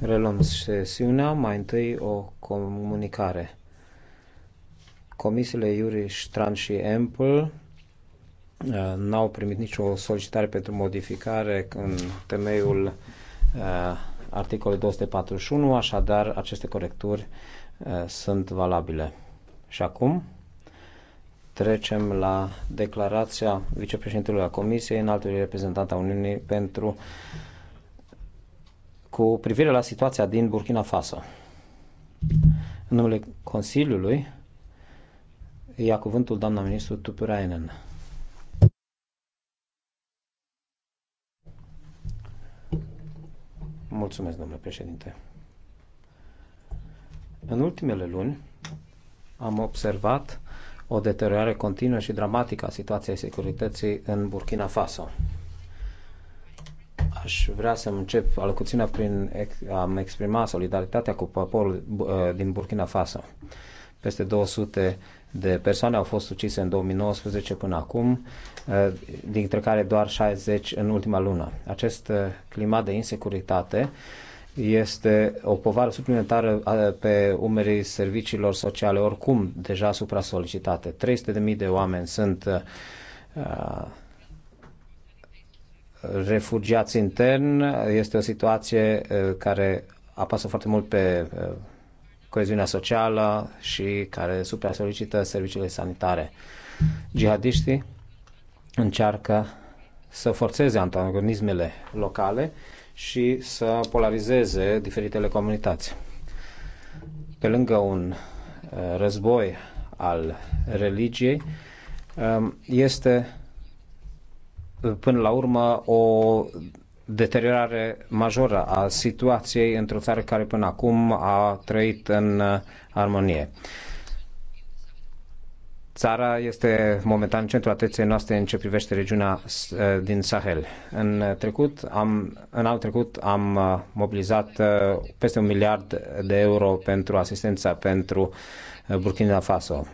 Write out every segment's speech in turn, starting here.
Reluăm sesiunea, mai întâi o comunicare. Comisiile Iuri, Stran și Ample uh, n-au primit nicio solicitare pentru modificare în temeiul uh, articolului 241, așadar aceste corecturi uh, sunt valabile. Și acum trecem la declarația vicepreședintelui a Comisiei, înaltului reprezentant a Uniunii pentru cu privire la situația din Burkina Faso. În numele Consiliului ia cuvântul doamna ministru Tupurainen. Mulțumesc, domnule președinte. În ultimele luni am observat o deteriorare continuă și dramatică a situației securității în Burkina Faso aș vrea să încep alocuțiunea prin a exprima solidaritatea cu poporul uh, din Burkina Faso. Peste 200 de persoane au fost ucise în 2019 până acum, uh, dintre care doar 60 în ultima lună. Acest uh, climat de insecuritate este o povară suplimentară pe umerii serviciilor sociale, oricum deja supra-solicitate. 300.000 de oameni sunt refugiați intern. Este o situație eh, care apasă foarte mult pe eh, coeziunea socială și care supra-solicită serviciile sanitare. Jihadiștii încearcă să forțeze antagonismele locale și să polarizeze diferitele comunități. Pe lângă un eh, război al religiei, este până la urmă o deteriorare majoră a situației într-o țară care până acum a trăit în uh, armonie. Țara este momentan centrul atenției noastre în ce privește regiunea uh, din Sahel. În, trecut am, în anul trecut am uh, mobilizat peste un miliard de euro pentru asistența pentru Burkina Faso.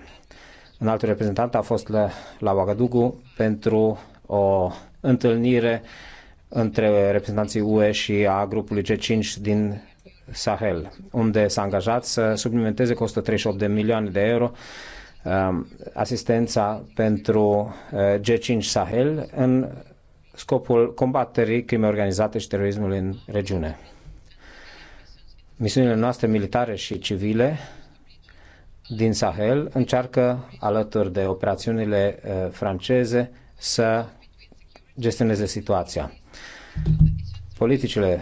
Un alt reprezentant a fost la, la Ouagadougou pentru o întâlnire între reprezentanții UE și a grupului G5 din Sahel, unde s-a angajat să suplimenteze cu 138 de milioane de euro um, asistența pentru uh, G5 Sahel în scopul combaterii crimei organizate și terorismului în regiune. Misiunile noastre militare și civile din Sahel încearcă, alături de operațiunile uh, franceze, să gestioneze situația. Politicile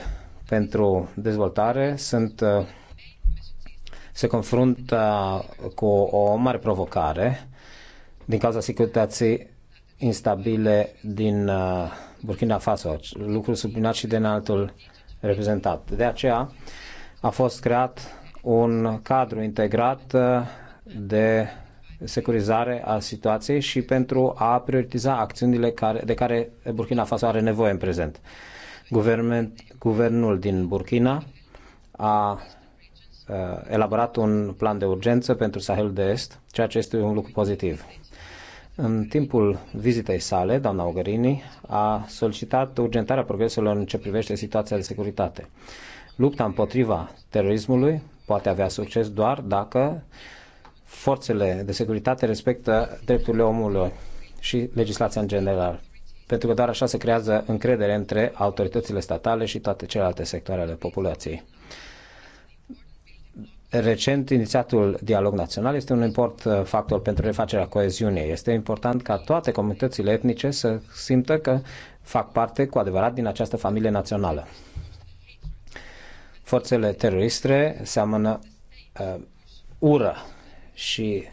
pentru dezvoltare sunt, uh, se confruntă cu o mare provocare din cauza securității instabile din uh, Burkina Faso, lucru subliniat și de înaltul reprezentat. De aceea a fost creat un cadru integrat uh, de securizare a situației și pentru a prioritiza acțiunile care, de care Burkina Faso are nevoie în prezent. Guvernment, guvernul din Burkina a uh, elaborat un plan de urgență pentru Sahel de Est, ceea ce este un lucru pozitiv. În timpul vizitei sale, doamna Ogărini a solicitat urgentarea progreselor în ce privește situația de securitate. Lupta împotriva terorismului poate avea succes doar dacă forțele de securitate respectă drepturile omului și legislația în general. Pentru că doar așa se creează încredere între autoritățile statale și toate celelalte sectoare ale populației. Recent inițiatul Dialog Național este un import uh, factor pentru refacerea coeziunii. Este important ca toate comunitățile etnice să simtă că fac parte cu adevărat din această familie națională. Forțele teroriste seamănă uh, ură și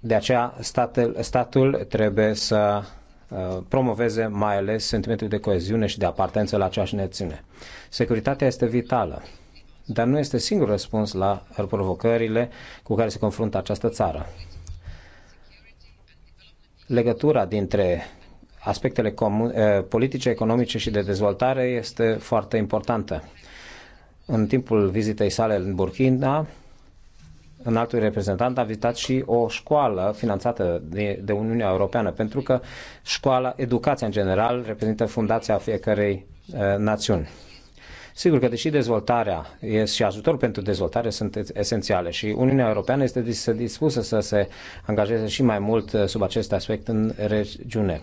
de aceea statul, statul trebuie să uh, promoveze mai ales sentimentul de coeziune și de apartență la aceeași neține. Securitatea este vitală, dar nu este singur răspuns la provocările cu care se confruntă această țară. Legătura dintre aspectele uh, politice, economice și de dezvoltare este foarte importantă. În timpul vizitei sale în Burkina, înaltul reprezentant a vizitat și o școală finanțată de, de Uniunea Europeană, pentru că școala, educația în general, reprezintă fundația fiecărei uh, națiuni. Sigur că deși dezvoltarea și ajutorul pentru dezvoltare sunt esențiale și Uniunea Europeană este dispusă să se angajeze și mai mult eh, sub acest aspect în regiune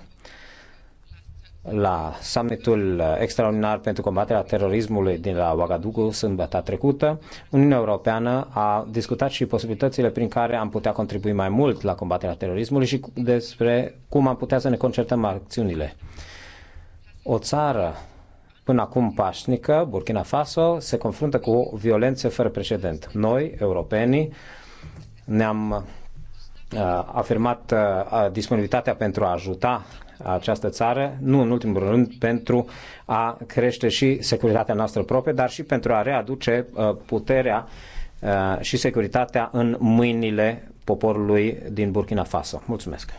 la summitul uh, extraordinar pentru combaterea terorismului din la Ouagadougou sâmbătă trecută, Uniunea Europeană a discutat și posibilitățile prin care am putea contribui mai mult la combaterea terorismului și despre cum am putea să ne concertăm acțiunile. O țară până acum pașnică, Burkina Faso, se confruntă cu violențe fără precedent. Noi, europenii, ne-am uh, afirmat uh, disponibilitatea pentru a ajuta această țară, nu în ultimul rând pentru a crește și securitatea noastră proprie, dar și pentru a readuce uh, puterea uh, și securitatea în mâinile poporului din Burkina Faso. Mulțumesc!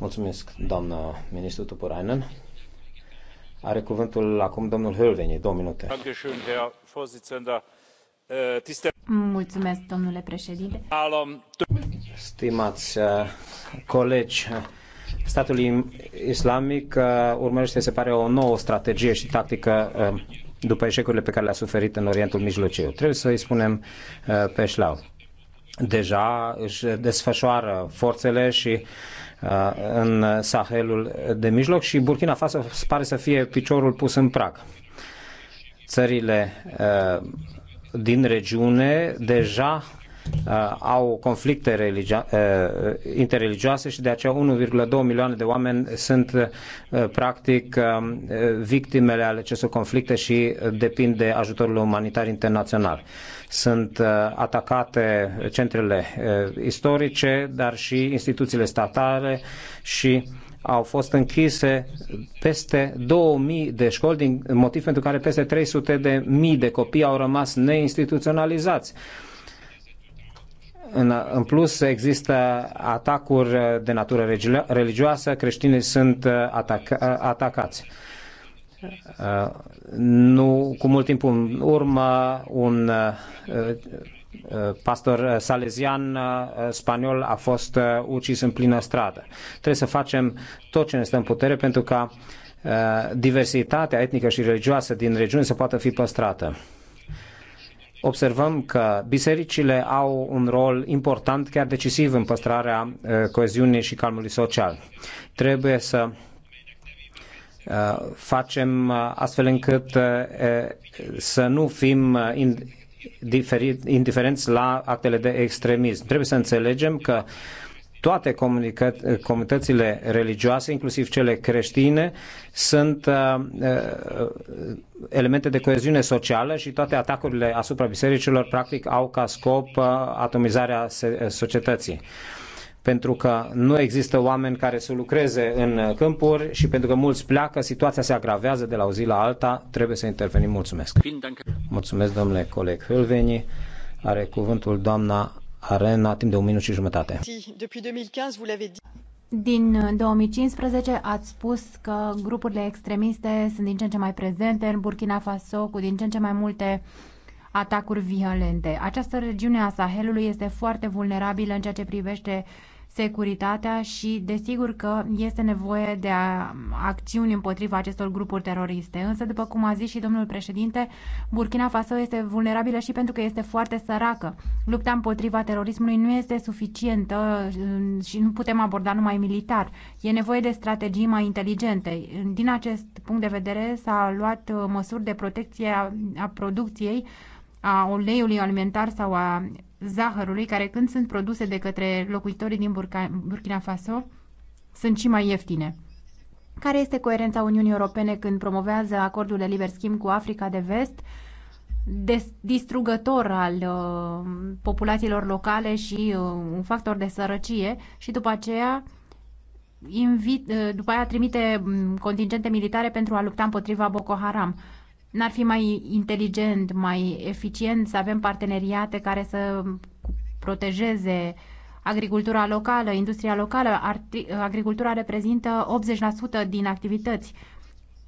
Mulțumesc, doamnă ministru Tupurainen. Are cuvântul acum domnul Hölveni, două minute. Äh, Mulțumesc, domnule președinte. Stimați uh, colegi, Statul islamic uh, urmărește, se pare, o nouă strategie și tactică uh, după eșecurile pe care le-a suferit în Orientul Mijlociu. Trebuie să îi spunem uh, pe șlau. Deja își desfășoară forțele și în Sahelul de mijloc și Burkina Faso pare să fie piciorul pus în prag. Țările din regiune deja Uh, au conflicte religio- uh, interreligioase și de aceea 1,2 milioane de oameni sunt uh, practic um, victimele ale acestor conflicte și depind de ajutorul umanitar internațional. Sunt atacate centrele istorice, dar și instituțiile statale și au fost închise peste 2000 de școli, din motiv pentru care peste 300 de mii de copii au rămas neinstituționalizați. Uh, în, în plus, există atacuri de natură religioasă, creștinii sunt uh, ataca, uh, atacați. Uh, nu, cu mult timp în urmă, un pastor salezian spaniol a fost ucis în plină stradă. Trebuie să facem tot ce ne stă în putere pentru ca diversitatea etnică și religioasă din regiune să poată fi păstrată observăm că bisericile au un rol important, chiar decisiv, în păstrarea uh, coeziunii și calmului social. Trebuie să uh, facem uh, astfel încât să nu fim indiferenți la actele de extremism. Trebuie să înțelegem că uh, toate comunitățile religioase, inclusiv cele creștine, sunt uh, uh, elemente de coeziune socială și toate atacurile asupra bisericilor, practic, au ca scop uh, atomizarea societății. Pentru că nu există oameni care să lucreze în câmpuri și pentru că mulți pleacă, situația se agravează de la o zi la alta, trebuie să intervenim. Mulțumesc! Mulțumesc, domnule coleg Hâlveni. Are cuvântul doamna Arena timp de un minut și jumătate. Din 2015 uh, ați spus că grupurile extremiste sunt din ce în ce mai prezente în Burkina Faso, cu din ce în ce mai multe atacuri violente. Această regiune a Sahelului este foarte vulnerabilă în ceea ce privește securitatea și desigur că este nevoie de acțiuni împotriva acestor grupuri teroriste. Însă, după cum a zis și domnul președinte, Burkina Faso este vulnerabilă și pentru că este foarte săracă. Lupta împotriva terorismului nu este suficientă și nu putem aborda numai militar. E nevoie de strategii mai inteligente. Din acest punct de vedere s-a luat uh, măsuri de protecție a, a producției a uleiului alimentar sau a zahărului, care când sunt produse de către locuitorii din Burkina Faso, sunt și mai ieftine. Care este coerența Uniunii Europene când promovează acordul de liber schimb cu Africa de Vest, distrugător al uh, populațiilor locale și uh, un factor de sărăcie și după aceea invit, uh, după aia trimite mm, contingente militare pentru a lupta împotriva Boko Haram. N-ar fi mai inteligent, mai eficient să avem parteneriate care să protejeze agricultura locală, industria locală? Agricultura reprezintă 80% din activități.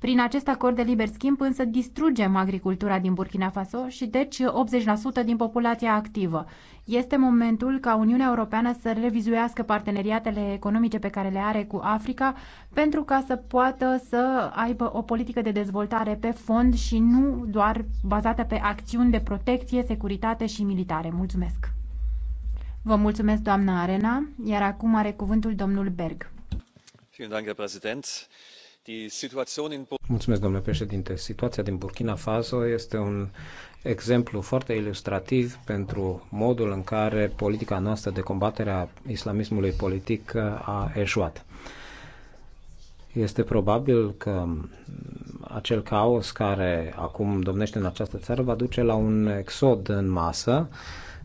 Prin acest acord de liber schimb însă distrugem agricultura din Burkina Faso și deci 80% din populația activă. Este momentul ca Uniunea Europeană să revizuiască parteneriatele economice pe care le are cu Africa pentru ca să poată să aibă o politică de dezvoltare pe fond și nu doar bazată pe acțiuni de protecție, securitate și militare. Mulțumesc! Vă mulțumesc, doamna Arena, iar acum are cuvântul domnul Berg. Vielen Dank, Herr Präsident. Mulțumesc, domnule președinte. Situația din Burkina Faso este un exemplu foarte ilustrativ pentru modul în care politica noastră de combatere a islamismului politic a eșuat. Este probabil că acel caos care acum domnește în această țară va duce la un exod în masă,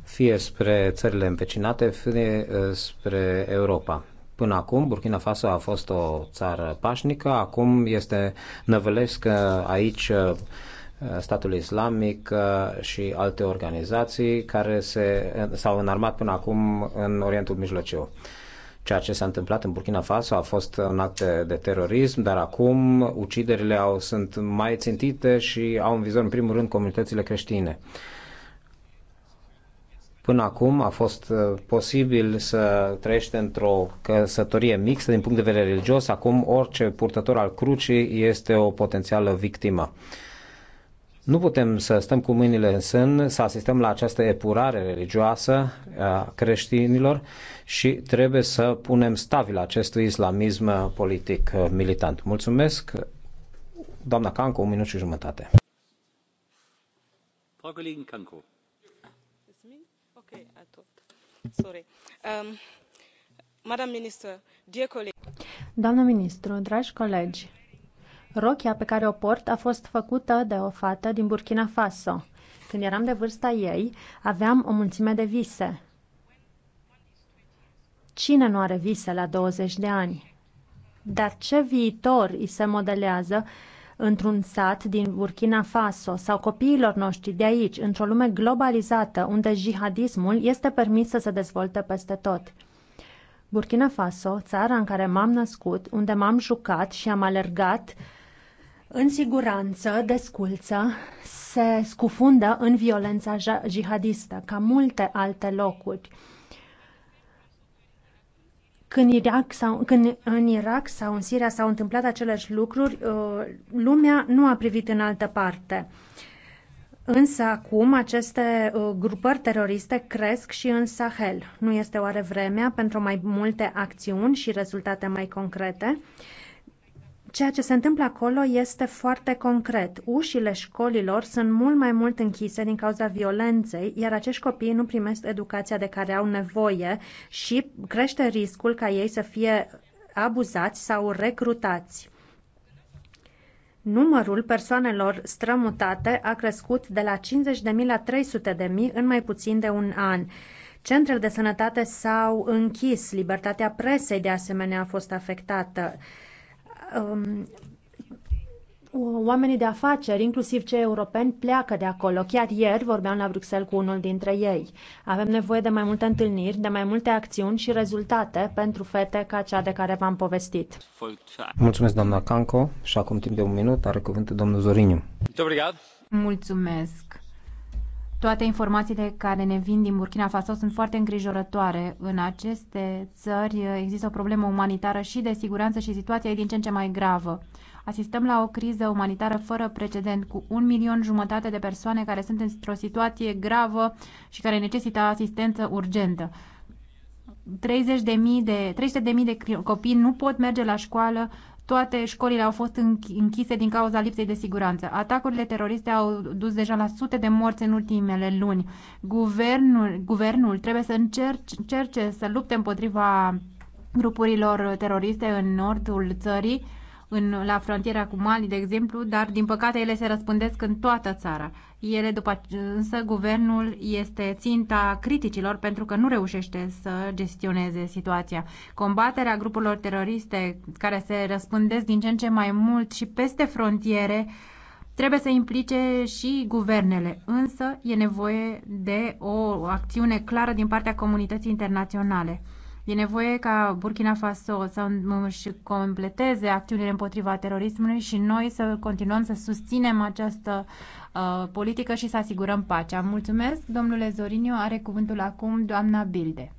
fie spre țările învecinate, fie spre Europa Până acum, Burkina Faso a fost o țară pașnică, acum este năvălesc uh, aici uh, statul islamic uh, și alte organizații care se, s-au înarmat până acum în Orientul Mijlociu. Ceea ce s-a întâmplat în Burkina Faso a fost un act de terorism, dar acum uciderile au, sunt mai țintite și au în vizor, în primul rând, comunitățile creștine. Uh, Până acum a fost uh, posibil să trăiește într-o căsătorie mixtă din punct de vedere religios, acum orice purtător al crucii este o potențială victimă. Nu putem să stăm cu mâinile în sân, să asistăm la această epurare religioasă a creștinilor și trebuie să punem stabil acestui islamism politic uh, militant. Mulțumesc, doamna Canco, un minut și jumătate. Frau Kollegin Canco. Um, doamnă ministru dragi colegi rochia pe care o port a fost făcută de o fată din burkina faso. când eram de vârsta ei aveam o mulțime de vise. cine nu are vise la 20 de ani? dar ce viitor îi se modelează într-un sat din Burkina Faso sau copiilor noștri de aici, într-o lume globalizată unde jihadismul este permis să se dezvolte peste tot. Burkina Faso, țara în care m-am născut, unde m-am jucat și am alergat în siguranță, desculță, se scufundă în violența jihadistă, ca multe alte locuri. Când, Irak sau, când în Irak sau în Siria s-au întâmplat aceleași lucruri, uh, lumea nu a privit în altă parte. Însă acum aceste uh, grupări teroriste cresc și în Sahel. Nu este oare vremea pentru mai multe acțiuni și rezultate mai concrete? Uh, Ceea ce se întâmplă acolo este foarte concret. Ușile școlilor sunt mult mai mult închise din cauza violenței, iar acești copii nu primesc educația de care au nevoie și crește riscul ca ei să fie abuzați sau recrutați. Numărul persoanelor strămutate a crescut de la 50.000 la 300.000 în mai puțin de un an. Centrele de sănătate s-au închis, libertatea presei de asemenea a fost afectată um, oamenii de afaceri, inclusiv cei europeni, pleacă de acolo. Chiar ieri vorbeam la Bruxelles cu unul dintre ei. Avem nevoie de mai multe întâlniri, de mai multe acțiuni și rezultate pentru fete ca cea de care v-am povestit. Mulțumesc, doamna Canco. Și acum timp de un minut are cuvântul domnul Zoriniu. Mulțumesc. Toate informațiile care ne vin din Burkina Faso sunt foarte îngrijorătoare. În aceste țări uh, există o problemă umanitară și de siguranță și situația e din ce în ce mai gravă. Asistăm la o criză umanitară fără precedent, cu un milion jumătate de persoane care sunt într-o situație gravă și care necesită asistență urgentă. 30 de mii de, 300 de mii de copii nu pot merge la școală, toate școlile au fost închise din cauza lipsei de siguranță. Atacurile teroriste au dus deja la sute de morți în ultimele luni. Guvernul, guvernul trebuie să încerce să lupte împotriva grupurilor teroriste în nordul țării în, la frontiera cu Mali, de exemplu, dar din păcate ele se răspândesc în toată țara. Ele, după însă, guvernul este ținta criticilor pentru că nu reușește să gestioneze situația. Combaterea grupurilor teroriste care se răspândesc din ce în ce mai mult și peste frontiere Trebuie să implice și guvernele, însă e nevoie de o acțiune clară din partea comunității internaționale. E nevoie ca Burkina Faso să își completeze acțiunile împotriva terorismului și noi să continuăm să susținem această uh, politică și să asigurăm pacea. Mulțumesc, domnule Zorinio. Are cuvântul acum doamna Bilde.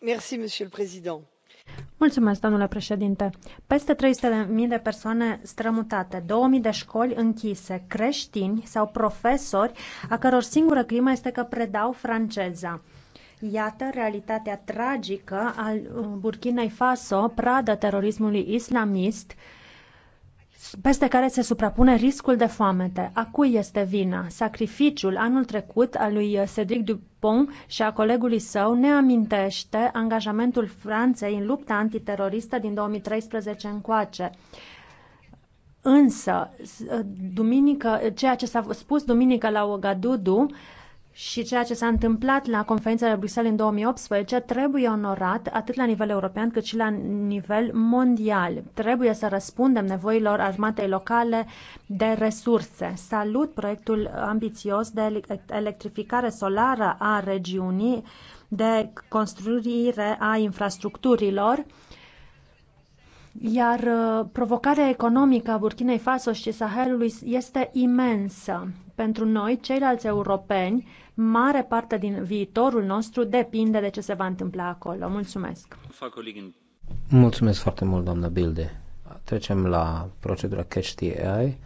Merci, monsieur le président. Mulțumesc, domnule președinte. Peste 300.000 de persoane strămutate, 2.000 de școli închise, creștini sau profesori, a căror singură crimă este că predau franceza. Iată realitatea tragică al uh, Burkina Faso, pradă terorismului islamist, peste care se suprapune riscul de foamete. A cui este vina? Sacrificiul anul trecut al lui Cedric Dupont și a colegului său ne amintește angajamentul Franței în lupta antiteroristă din 2013 încoace. Însă, uh, duminică, ceea ce s-a spus duminică la Ogadudu și ceea ce s-a întâmplat la conferința de Bruxelles în 2018 trebuie onorat atât la nivel european cât și la nivel mondial. Trebuie să răspundem nevoilor armatei locale de resurse. Salut proiectul ambițios de electrificare solară a regiunii, de construire a infrastructurilor, iar uh, provocarea economică a Burkinei Faso și Sahelului este imensă. Pentru noi, ceilalți europeni, mare parte din viitorul nostru depinde de ce se va întâmpla acolo. Mulțumesc! Mulțumesc foarte mult, doamnă Bilde. Trecem la procedura Catch the AI.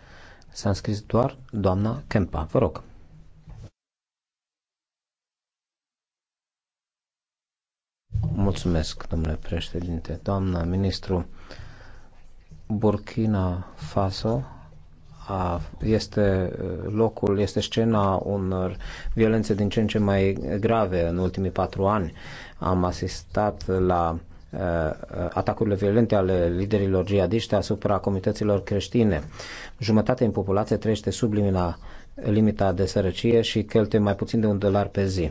S-a înscris doar doamna Kempa. Vă rog. Mulțumesc, domnule președinte. Doamna ministru, Burkina Faso a, este locul, este scena unor violențe din ce în ce mai grave în ultimii patru ani. Am asistat la atacurile violente ale liderilor jihadiști asupra comunităților creștine. Jumătate în populație trăiește sub limita, limita de sărăcie și cheltuie mai puțin de un dolar pe zi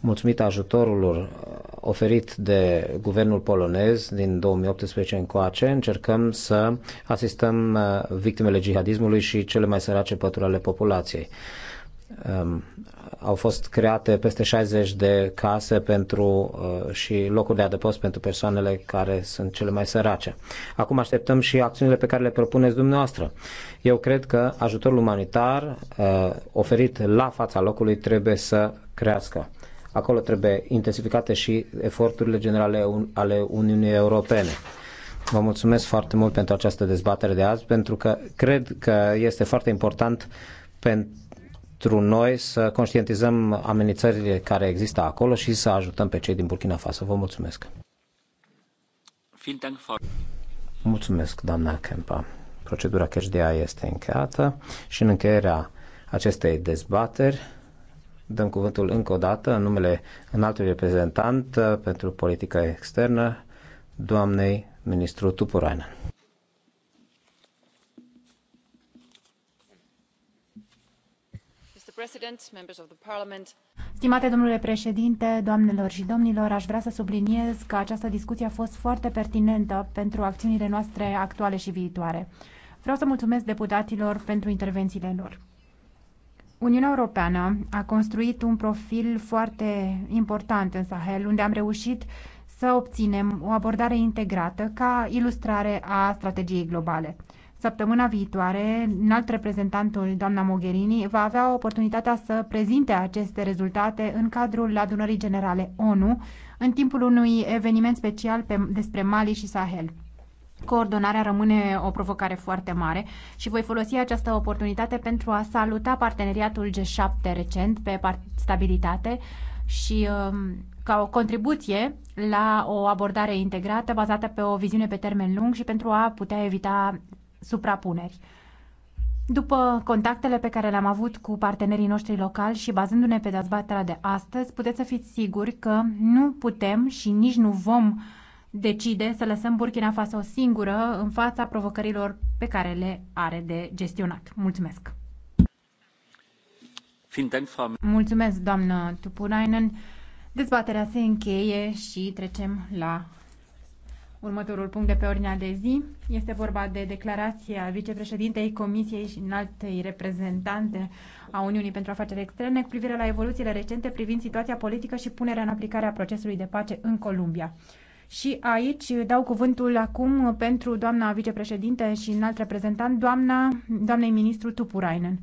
mulțumită ajutorului oferit de guvernul polonez din 2018 încoace, încercăm să asistăm uh, victimele jihadismului și cele mai sărace pături ale populației. Um, au fost create peste 60 de case pentru, uh, și locuri de adăpost pentru persoanele care sunt cele mai sărace. Acum așteptăm și acțiunile pe care le propuneți dumneavoastră. Eu cred că ajutorul umanitar uh, oferit la fața locului trebuie să crească Acolo trebuie intensificate și eforturile generale ale Uniunii Europene. Vă mulțumesc foarte mult pentru această dezbatere de azi, pentru că cred că este foarte important pentru noi să conștientizăm amenințările care există acolo și să ajutăm pe cei din Burkina Faso. Vă mulțumesc! Mulțumesc, doamna Kempa. Procedura CHDA este încheiată și în încheierea acestei dezbateri Dăm cuvântul încă o dată în numele înaltului reprezentant uh, pentru politica externă, doamnei ministru Tupurainen. Stimate domnule președinte, doamnelor și domnilor, aș vrea să subliniez că această discuție a fost foarte pertinentă pentru acțiunile noastre actuale și viitoare. Vreau să mulțumesc deputaților pentru intervențiile lor. Uniunea Europeană a construit un profil foarte important în Sahel, unde am reușit să obținem o abordare integrată ca ilustrare a strategiei globale. Săptămâna viitoare, înalt reprezentantul, doamna Mogherini, va avea oportunitatea să prezinte aceste rezultate în cadrul adunării generale ONU, în timpul unui eveniment special pe, despre Mali și Sahel. Coordonarea rămâne o provocare foarte mare și voi folosi această oportunitate pentru a saluta parteneriatul G7 recent pe stabilitate și um, ca o contribuție la o abordare integrată bazată pe o viziune pe termen lung și pentru a putea evita suprapuneri. După contactele pe care le-am avut cu partenerii noștri locali și bazându-ne pe dezbaterea de astăzi, puteți să fiți siguri că nu putem și nici nu vom uh, decide să lăsăm Burkina Faso singură în fața provocărilor pe care le are de gestionat. Mulțumesc! Mulțumesc, doamnă Tupunainen. Dezbaterea se încheie și trecem la următorul punct de pe ordinea de zi. Este vorba de declarația vicepreședintei Comisiei și înaltei reprezentante a Uniunii pentru Afaceri Externe cu privire la evoluțiile recente privind situația politică și punerea în aplicare a procesului de pace în Columbia. Și aici dau cuvântul acum pentru doamna vicepreședinte și înalt reprezentant, doamna, doamnei ministru Tupurainen.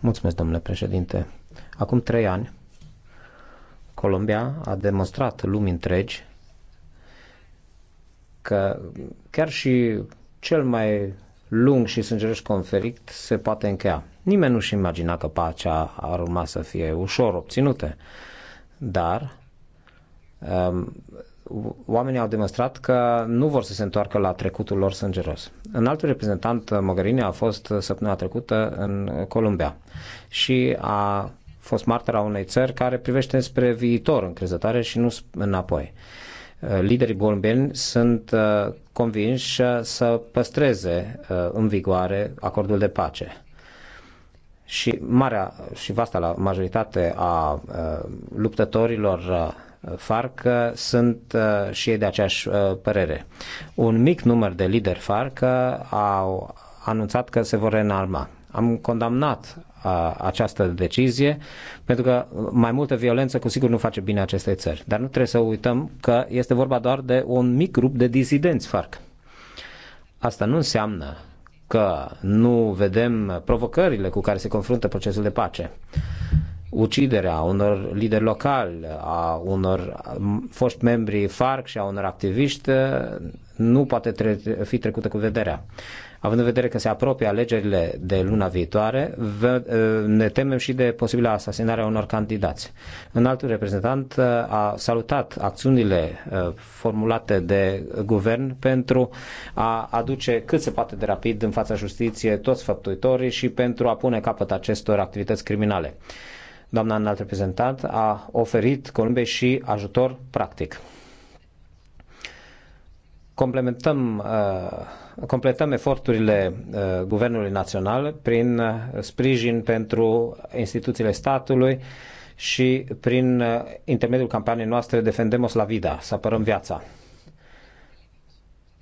Mulțumesc, domnule președinte. Acum trei ani, Columbia a demonstrat lumii întregi că chiar și cel mai lung și sângeros conflict se poate încheia. Nimeni nu-și imagina că pacea ar urma să fie ușor obținută, dar um, oamenii au demonstrat că nu vor să se întoarcă la trecutul lor sângeros. În altul reprezentant, Mogherini, a fost săptămâna trecută în Columbia și a fost a unei țări care privește spre viitor încrezătoare și nu înapoi. Uh, liderii colombieni sunt uh, convinși uh, să păstreze în vigoare acordul de pace. Și marea și vasta la majoritate a luptătorilor FARC sunt și ei de aceeași părere. Un mic număr de lideri FARC au anunțat că se vor reînarma. Am condamnat a, această decizie, pentru că mai multă violență cu sigur nu face bine acestei țări. Dar nu trebuie să uităm că este vorba doar de un mic grup de dizidenți FARC. Asta nu înseamnă că nu vedem provocările cu care se confruntă procesul de pace. Uciderea unor lideri locali, a unor foști membri FARC și a unor activiști nu poate tre- fi trecută cu vederea. Având în vedere că se apropie alegerile de luna viitoare, ă, ne temem și de posibilă a unor candidați. Un alt reprezentant ă, a salutat acțiunile ă, formulate de guvern pentru a aduce cât se poate de rapid în fața justiției toți făptuitorii și pentru a pune capăt acestor activități criminale. Doamna înalt reprezentant a oferit Columbiei și ajutor practic complementăm, uh, completăm eforturile uh, Guvernului Național prin uh, sprijin pentru instituțiile statului și prin intermediul campaniei noastre Defendemos la Vida, să apărăm viața.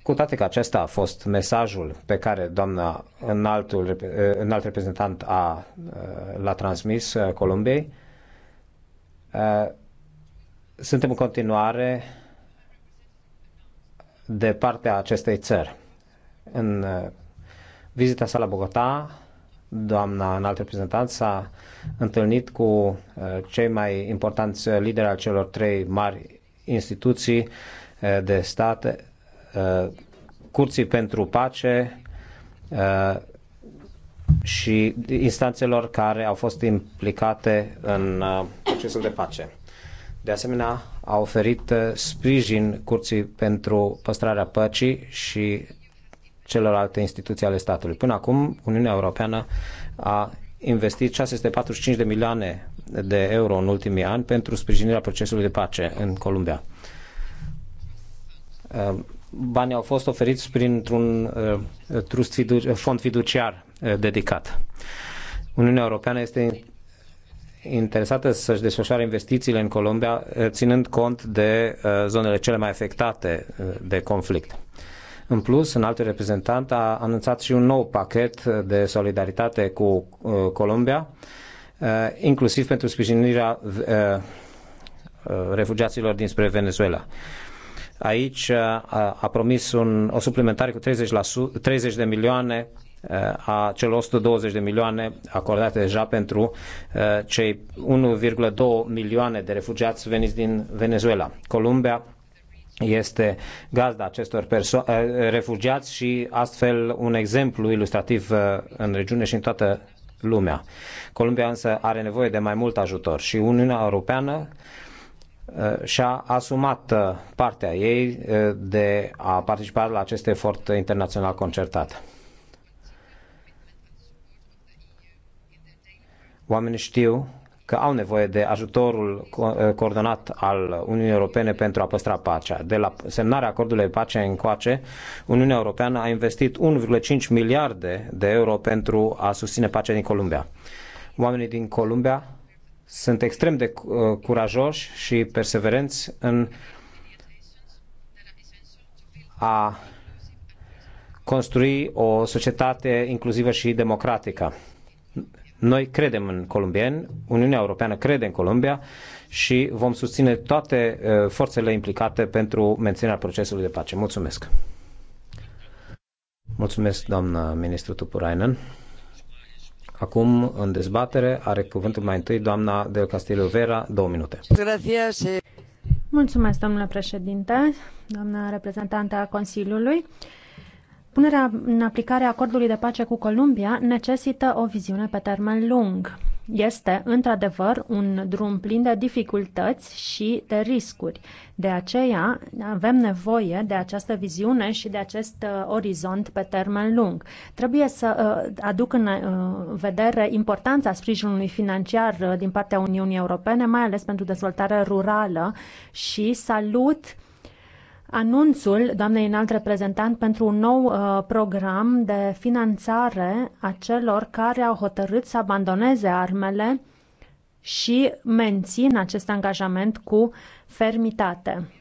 Cu toate că acesta a fost mesajul pe care doamna înaltul, înalt reprezentant a, l-a transmis Columbiei, suntem în continuare de partea acestei țări. În uh, vizita sa la Bogota, doamna înalt reprezentant s-a întâlnit cu uh, cei mai importanți lideri al celor trei mari instituții uh, de stat, curții pentru pace și instanțelor care au fost implicate în procesul de pace. De asemenea, a oferit uh, sprijin curții pentru păstrarea păcii și celorlalte instituții ale statului. Până acum, Uniunea Europeană a investit 645 de milioane de euro în ultimii ani pentru sprijinirea procesului de pace în Columbia. Uh, banii au fost oferiți printr-un uh, trust fidu- fond fiduciar dedicat. Uniunea Europeană este interesată să-și desfășoare investițiile în Colombia, eh, ținând cont de eh, zonele cele mai afectate eh, de conflict. În plus, un alt reprezentant a anunțat și un nou pachet de solidaritate cu Colombia, inclusiv pentru sprijinirea refugiaților dinspre Venezuela. Aici a, a promis un, o suplimentare cu 30, la su, 30 de milioane a celor 120 de milioane acordate deja pentru eh, cei 1,2 milioane de refugiați veniți din Venezuela. Columbia este gazda acestor eh, refugiați și astfel un exemplu ilustrativ eh, în regiune și în toată lumea. Columbia însă are nevoie de mai mult ajutor și Uniunea Europeană și-a asumat partea ei de a participa la acest efort internațional concertat. Oamenii știu că au nevoie de ajutorul eh, coordonat al Uniunii Europene pentru a păstra pacea. De la semnarea acordului de pace încoace, Uniunea Europeană a investit 1,5 miliarde de euro pentru a susține pacea din Columbia. Oamenii din Columbia sunt extrem de eh, curajoși și perseverenți în a construi o societate inclusivă și democratică noi credem în colombieni, Uniunea Europeană crede în Columbia și vom susține toate uh, forțele implicate pentru menținerea procesului de pace. Mulțumesc! Mulțumesc, doamnă ministru Tupurainen. Acum, în dezbatere, are cuvântul mai întâi doamna del Castillo Vera, două minute. Eh. Mulțumesc, domnule președinte, doamna reprezentantă a Consiliului. Punerea în aplicare a acordului de pace cu Columbia necesită o viziune pe termen lung. Este, într-adevăr, un drum plin de dificultăți și de riscuri. De aceea avem nevoie de această viziune și de acest uh, orizont pe termen lung. Trebuie să uh, aduc în uh, vedere importanța sprijinului financiar uh, din partea Uniunii Europene, mai ales pentru dezvoltarea rurală și salut uh, anunțul doamnei înalt reprezentant pentru un nou uh, program de finanțare a celor care au hotărât să abandoneze armele și mențin acest angajament cu fermitate.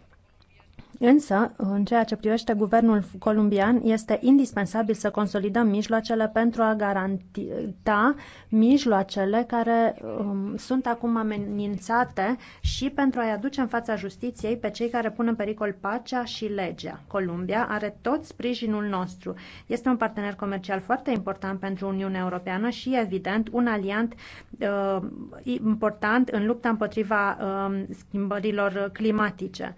Însă, în ceea ce privește guvernul columbian, este indispensabil să consolidăm mijloacele pentru a garanta mijloacele care um, sunt acum amenințate și pentru a-i aduce în fața justiției pe cei care pun în pericol pacea și legea. Columbia are tot sprijinul nostru. Este un partener comercial foarte important pentru Uniunea Europeană și, evident, un aliant uh, important în lupta împotriva uh, schimbărilor climatice.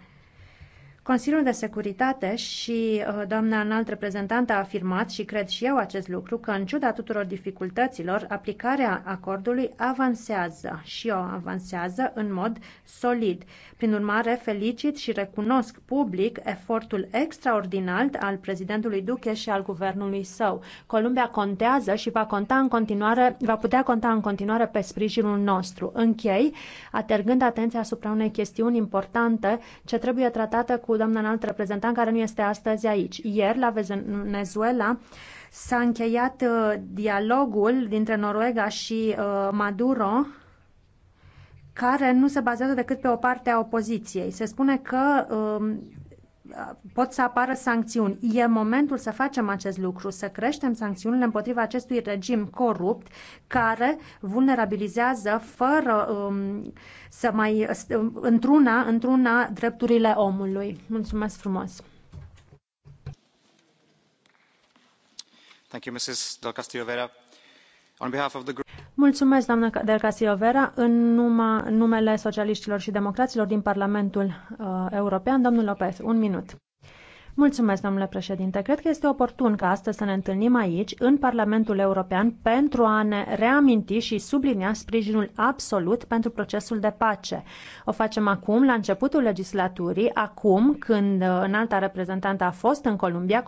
Consiliul de Securitate și uh, doamna înalt reprezentantă a afirmat și cred și eu acest lucru că în ciuda tuturor dificultăților, aplicarea acordului avansează și o avansează în mod solid. Prin urmare, felicit și recunosc public efortul extraordinar al prezidentului Duche și al guvernului său. Columbia contează și va conta în continuare, va putea conta în continuare pe sprijinul nostru. Închei, atergând atenția asupra unei chestiuni importante ce trebuie tratată cu doamna înalt reprezentant, care nu este astăzi aici. Ieri, la Venezuela, s-a încheiat uh, dialogul dintre Noruega și uh, Maduro, care nu se bazează decât pe o parte a opoziției. Se spune că um, pot să apară sancțiuni. E momentul să facem acest lucru, să creștem sancțiunile împotriva acestui regim corupt care vulnerabilizează fără um, să mai um, întruna, întruna drepturile omului. Mulțumesc frumos! Thank you, Mrs. Del Castillo Vera. Mulțumesc, doamnă Del Casio Vera. În numa, numele socialiștilor și democraților din Parlamentul uh, European, domnul Lopez, un minut. Mulțumesc, domnule președinte. Cred că este oportun ca astăzi să ne întâlnim aici, în Parlamentul European, pentru a ne reaminti și sublinia sprijinul absolut pentru procesul de pace. O facem acum, la începutul legislaturii, acum când uh, înalta reprezentantă a fost în Columbia,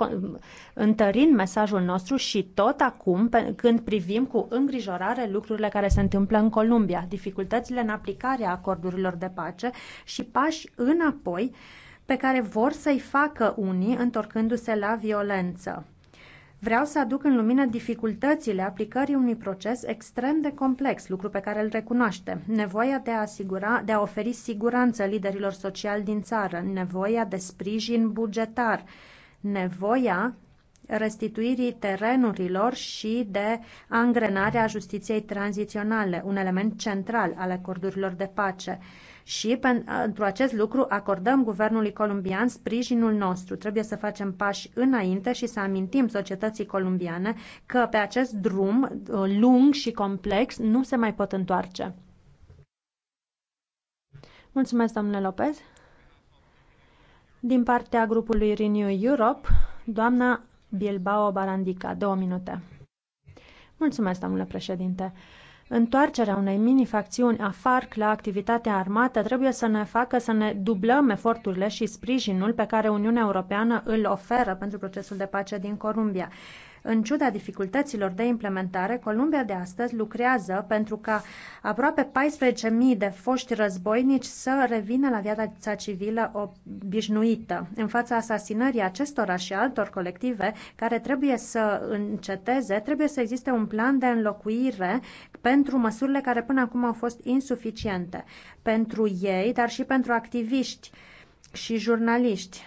întărind mesajul nostru și tot acum când privim cu îngrijorare lucrurile care se întâmplă în Columbia, dificultățile în aplicarea acordurilor de pace și pași înapoi pe care vor să-i facă unii întorcându-se la violență. Vreau să aduc în lumină dificultățile aplicării unui proces extrem de complex, lucru pe care îl recunoaște. Nevoia de a, asigura, de a oferi siguranță liderilor sociali din țară, nevoia de sprijin bugetar, nevoia restituirii terenurilor și de angrenarea justiției tranziționale, un element central al acordurilor de pace și pentru acest lucru acordăm guvernului columbian sprijinul nostru. Trebuie să facem pași înainte și să amintim societății columbiane că pe acest drum uh, lung și complex nu se mai pot întoarce. Mulțumesc, domnule Lopez. Din partea grupului Renew Europe, doamna Bilbao Barandica, două minute. Mulțumesc, domnule președinte. Întoarcerea unei mini-facțiuni a FARC la activitatea armată trebuie să ne facă să ne dublăm eforturile și sprijinul pe care Uniunea Europeană îl oferă pentru procesul de pace din Columbia. În ciuda dificultăților de implementare, Columbia de astăzi lucrează pentru ca aproape 14.000 de foști războinici să revină la viața civilă obișnuită. În fața asasinării acestora și altor colective care trebuie să înceteze, trebuie să existe un plan de înlocuire pentru măsurile care până acum au fost insuficiente pentru ei, dar și pentru activiști și jurnaliști.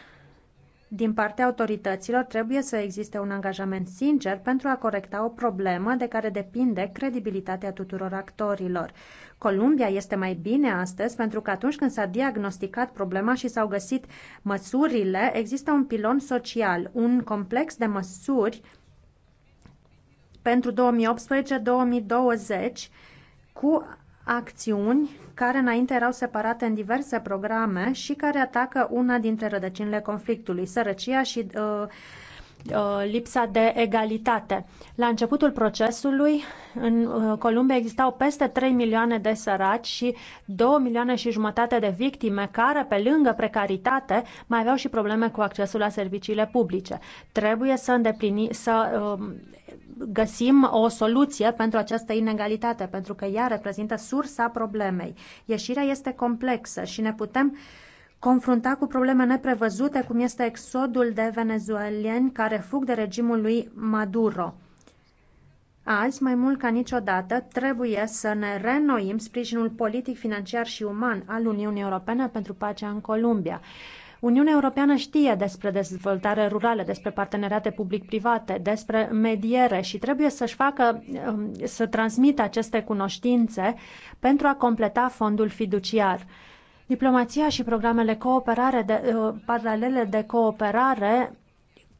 Din partea autorităților trebuie să existe un angajament sincer pentru a corecta o problemă de care depinde credibilitatea tuturor actorilor. Columbia este mai bine astăzi pentru că atunci când s-a diagnosticat problema și s-au găsit măsurile, există un pilon social, un complex de măsuri pentru 2018-2020 cu acțiuni care înainte erau separate în diverse programe și care atacă una dintre rădăcinile conflictului, sărăcia și uh, uh lipsa de egalitate. La începutul procesului, în uh, Columbia existau peste 3 milioane de săraci și 2 milioane și jumătate de victime care, pe lângă precaritate, mai aveau și probleme cu accesul la serviciile publice. Trebuie să îndeplini, să uh, găsim o soluție pentru această inegalitate, pentru că ea reprezintă sursa problemei. Ieșirea este complexă și ne putem confrunta cu probleme neprevăzute, cum este exodul de venezuelieni care fug de regimul lui Maduro. Azi, mai mult ca niciodată, trebuie să ne renoim sprijinul politic, financiar și uman al Uniunii Europene pentru pacea în Columbia. Uniunea Europeană știe despre dezvoltare rurală, despre parteneriate public-private, despre mediere și trebuie să-și facă, um, să transmită aceste cunoștințe pentru a completa fondul fiduciar. Diplomația și programele cooperare de, uh, paralele de cooperare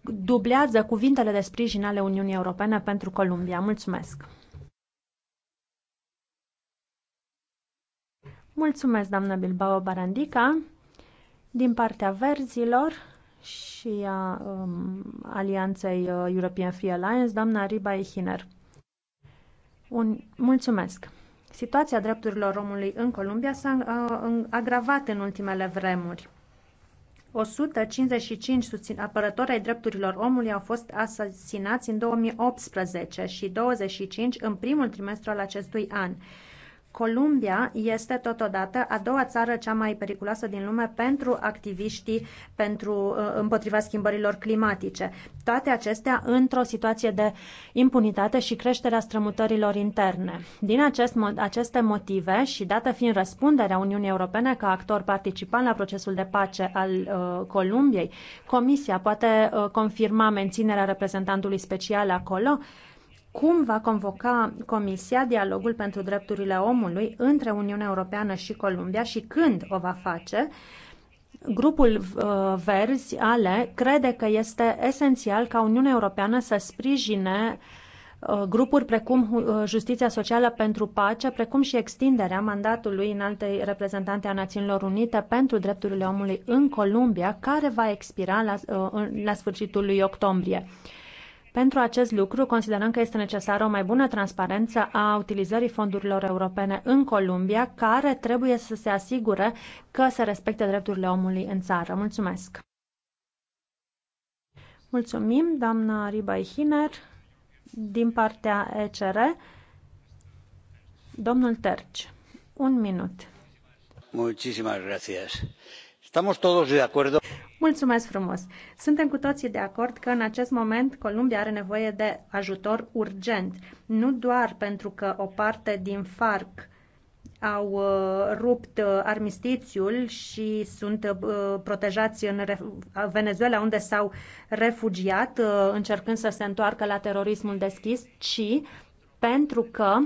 dublează cuvintele de sprijin ale Uniunii Europene pentru Columbia. Mulțumesc! Mulțumesc, doamnă Bilbao Barandica din partea verzilor și a um, alianței uh, European Free Alliance, doamna Riba Ehiner. Un, mulțumesc. Situația drepturilor omului în Columbia s-a uh, agravat în ultimele vremuri. 155 susțin, apărători ai drepturilor omului au fost asasinați în 2018 și 25 în primul trimestru al acestui an. Columbia este totodată a doua țară cea mai periculoasă din lume pentru activiștii pentru, uh, împotriva schimbărilor climatice. Toate acestea într-o situație de impunitate și creșterea strămutărilor interne. Din acest, aceste motive și dată fiind răspunderea Uniunii Europene ca actor participant la procesul de pace al uh, Columbiei, Comisia poate uh, confirma menținerea reprezentantului special acolo, uh, cum va convoca Comisia dialogul pentru drepturile omului între Uniunea Europeană și Columbia și când o va face? Grupul uh, Verzi ale crede că este esențial ca Uniunea Europeană să sprijine uh, grupuri precum uh, Justiția Socială pentru Pace, precum și extinderea mandatului alte reprezentante a Națiunilor Unite pentru drepturile omului în Columbia, care va expira la, la sfârșitul lui octombrie. Pentru acest lucru, considerăm că este necesară o mai bună transparență a utilizării fondurilor europene în Columbia, care trebuie să se asigure că se respectă drepturile omului în țară. Mulțumesc! Mulțumim, doamna Ribai Hiner, din partea ECR. Domnul Terci, un minut. Muchísimas gracias. Estamos todos de acuerdo. Mulțumesc frumos! Suntem cu toții de acord că în acest moment Columbia are nevoie de ajutor urgent, nu doar pentru că o parte din FARC au uh, rupt uh, armistițiul și sunt uh, protejați în Venezuela, unde s-au refugiat, încercând să se întoarcă la terorismul deschis, ci pentru că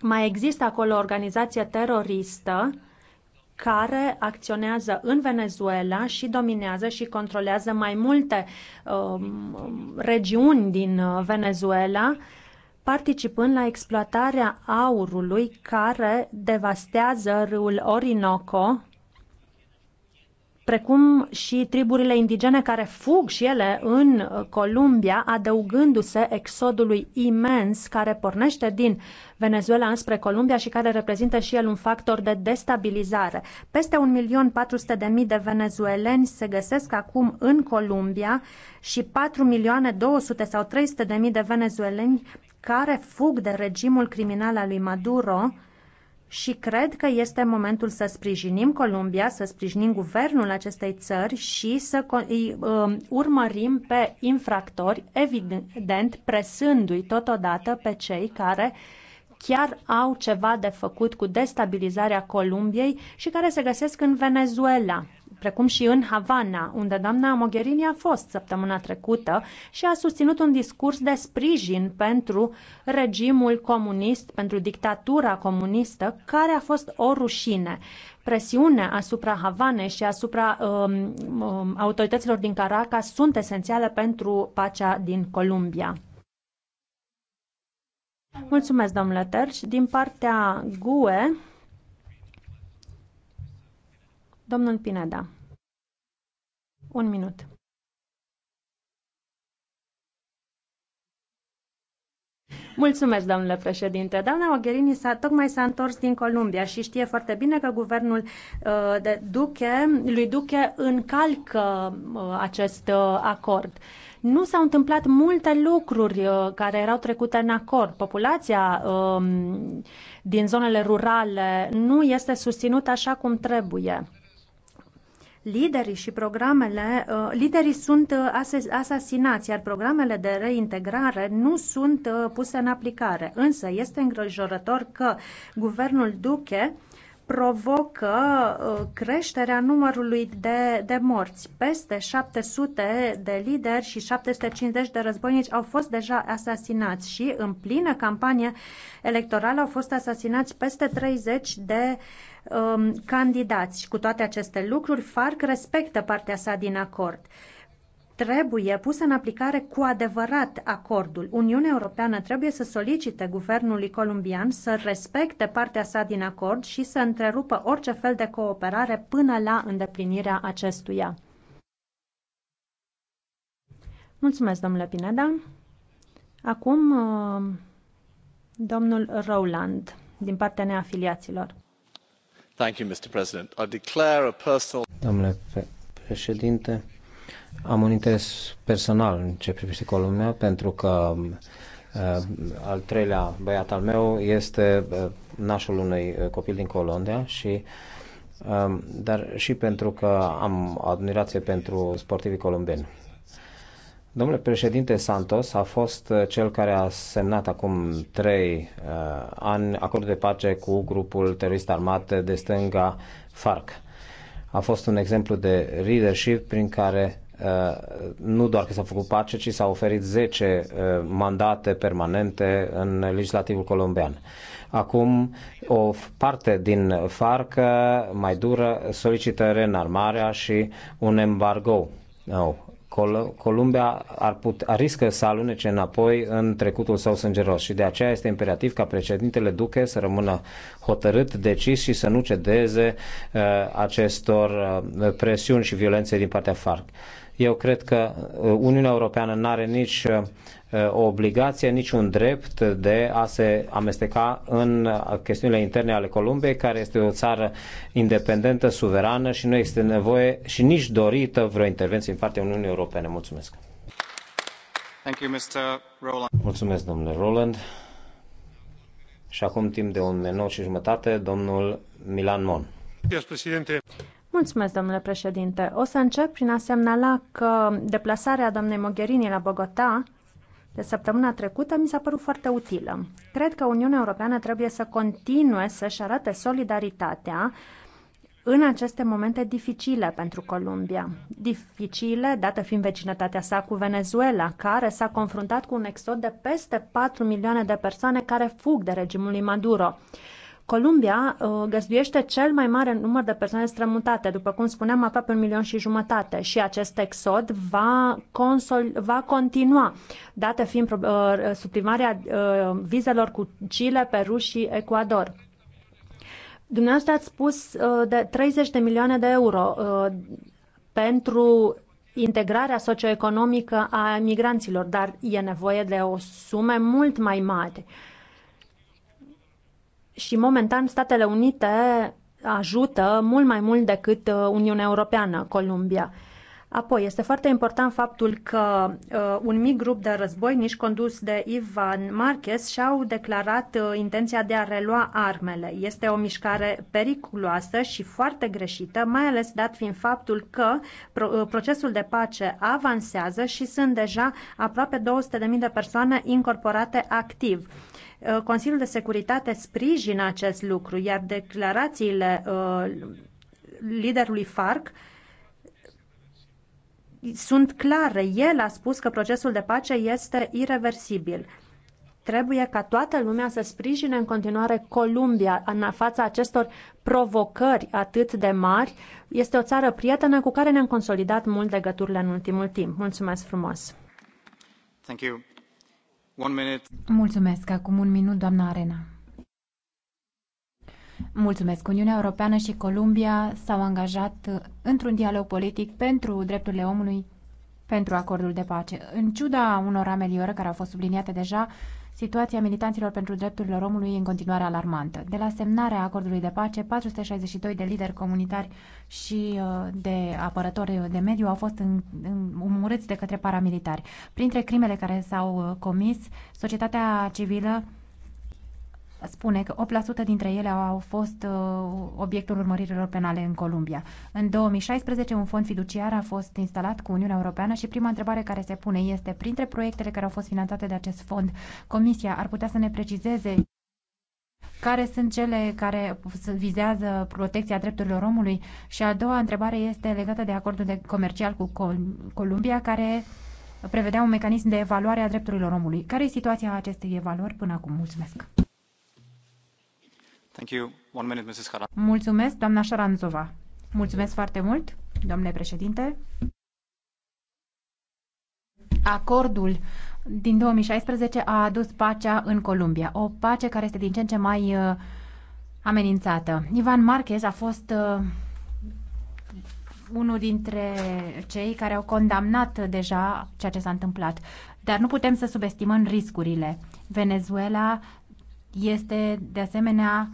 mai există acolo o organizație teroristă care acționează în Venezuela și dominează și controlează mai multe um, regiuni din uh, Venezuela, participând la exploatarea aurului care devastează râul Orinoco, precum și triburile indigene care fug și ele în Columbia, adăugându-se exodului imens care pornește din Venezuela înspre Columbia și care reprezintă și el un factor de destabilizare. Peste 1.400.000 de venezueleni se găsesc acum în Columbia și 4.200.000 sau 300.000 de venezueleni care fug de regimul criminal al lui Maduro, și cred că este momentul să sprijinim Columbia, să sprijinim guvernul acestei țări și să îi um, urmărim pe infractori, evident presându-i totodată pe cei care chiar au ceva de făcut cu destabilizarea Columbiei și care se găsesc în Venezuela precum și în Havana, unde doamna Mogherini a fost săptămâna trecută și a susținut un discurs de sprijin pentru regimul comunist, pentru dictatura comunistă, care a fost o rușine. Presiunea asupra Havanei și asupra um, um, autorităților din Caracas sunt esențiale pentru pacea din Columbia. Mulțumesc, domnule Terci. Din partea GUE, Domnul Pineda. Un minut. Mulțumesc, domnule președinte. Doamna Mogherini s-a, tocmai s-a întors din Columbia și știe foarte bine că guvernul uh, de Duche, lui Duche încalcă uh, acest uh, acord. Nu s-au întâmplat multe lucruri uh, care erau trecute în acord. Populația uh, din zonele rurale nu este susținută așa cum trebuie. Liderii și programele, uh, liderii sunt uh, asasinați, iar programele de reintegrare nu sunt uh, puse în aplicare. Însă este îngrijorător că guvernul Duche provocă creșterea numărului de, de morți. Peste 700 de lideri și 750 de războinici au fost deja asasinați și în plină campanie electorală au fost asasinați peste 30 de uh, um, candidați și cu toate aceste lucruri FARC respectă partea sa din acord. Trebuie pus în aplicare cu adevărat acordul. Uniunea Europeană trebuie să solicite guvernului colombian să respecte partea sa din acord și să întrerupă orice fel de cooperare până la îndeplinirea acestuia. Mulțumesc, domnule Pineda. Acum, uh, domnul Rowland, din partea neafiliaților. Domnule președinte, am un interes personal în ce privește Columbia, pentru că uh, al treilea băiat al meu este uh, nașul unui uh, copil din Colombia și uh, dar și pentru că am admirație pentru sportivii colombieni. Domnule președinte Santos a fost uh, cel care a semnat acum trei uh, ani acordul de pace cu grupul terorist armat de stânga FARC. A fost un exemplu de leadership prin care uh, nu doar că s-a făcut pace, ci s-a oferit 10 uh, mandate permanente în legislativul colombian. Acum, o parte din FARC mai dură solicită renarmarea și un embargo Oh, Col- Columbia ar put- ar riscă să alunece înapoi în trecutul său sângeros și de aceea este imperativ ca președintele Duque să rămână hotărât, decis și să nu cedeze uh, acestor uh, presiuni și violențe din partea FARC. Eu cred că uh, Uniunea Europeană nu are nici uh, o obligație, nici un drept de a se amesteca în chestiunile interne ale Columbiei, care este o țară independentă, suverană și nu este nevoie și nici dorită vreo intervenție din partea Uniunii Europene. Mulțumesc! Thank you, Mr. Roland. Mulțumesc, domnule Roland. Și acum, timp de un minut și jumătate, domnul Milan Mon. Președinte. Mulțumesc, domnule președinte. O să încep prin a semnala că deplasarea doamnei Mogherini la Bogota de săptămâna trecută mi s-a părut foarte utilă. Cred că Uniunea Europeană trebuie să continue să-și arate solidaritatea în aceste momente dificile pentru Columbia. Dificile, dată fiind vecinătatea sa cu Venezuela, care s-a confruntat cu un exod de peste 4 milioane de persoane care fug de regimul lui Maduro. Columbia uh, găzduiește cel mai mare număr de persoane strămutate, după cum spuneam, aproape un milion și jumătate și acest exod va, consol, va continua, date fiind uh, suprimarea uh, vizelor cu Chile, Peru și Ecuador. Dumneavoastră ați spus uh, de 30 de milioane de euro uh, pentru integrarea socioeconomică a migranților, dar e nevoie de o sumă mult mai mare. Uh, și momentan Statele Unite ajută mult mai mult decât uh, Uniunea Europeană, Columbia. Apoi, este foarte important faptul că uh, un mic grup de războinici condus de Ivan Marquez și-au declarat uh, intenția de a relua armele. Este o mișcare periculoasă și foarte greșită, mai ales dat fiind faptul că pro- uh, procesul de pace avansează și sunt deja aproape 200.000 de persoane incorporate activ. Uh, Uh, Consiliul de Securitate sprijină acest lucru, iar declarațiile uh, liderului FARC sunt clare. El a spus că procesul de pace este irreversibil. Trebuie ca toată lumea să sprijine în continuare Columbia în fața acestor provocări atât de mari. Este o țară prietenă cu care ne-am consolidat mult legăturile în ultimul timp. Mulțumesc frumos! Thank you. Mulțumesc. Acum un minut, doamna Arena. Mulțumesc. Uniunea Europeană și Columbia s-au angajat într-un dialog politic pentru drepturile omului, pentru acordul de pace. În ciuda unor ameliorări care au fost subliniate deja, Situația militanților pentru drepturile omului e în continuare alarmantă. De la semnarea acordului de pace, 462 de lideri comunitari și uh, de apărători de mediu au fost în, umorâți de către paramilitari. Printre crimele care s-au uh, comis, societatea civilă spune că 8% dintre ele au fost uh, obiectul urmăririlor penale în Columbia. În 2016, un fond fiduciar a fost instalat cu Uniunea Europeană și prima întrebare care se pune este, printre proiectele care au fost finanțate de acest fond, Comisia ar putea să ne precizeze care sunt cele care vizează protecția drepturilor omului? Și a doua întrebare este legată de acordul de comercial cu Col Columbia, care prevedea un mecanism de evaluare a drepturilor omului. Care e situația acestei evaluări până acum? Mulțumesc! Mulțumesc, doamna Șaranzova. Mulțumesc foarte mult, domnule președinte. Acordul din 2016 a adus pacea în Columbia, o pace care este din ce în ce mai uh, amenințată. Ivan Marquez a fost uh, unul dintre cei care au condamnat deja ceea ce s-a întâmplat. Dar nu putem să subestimăm riscurile. Venezuela este, de asemenea,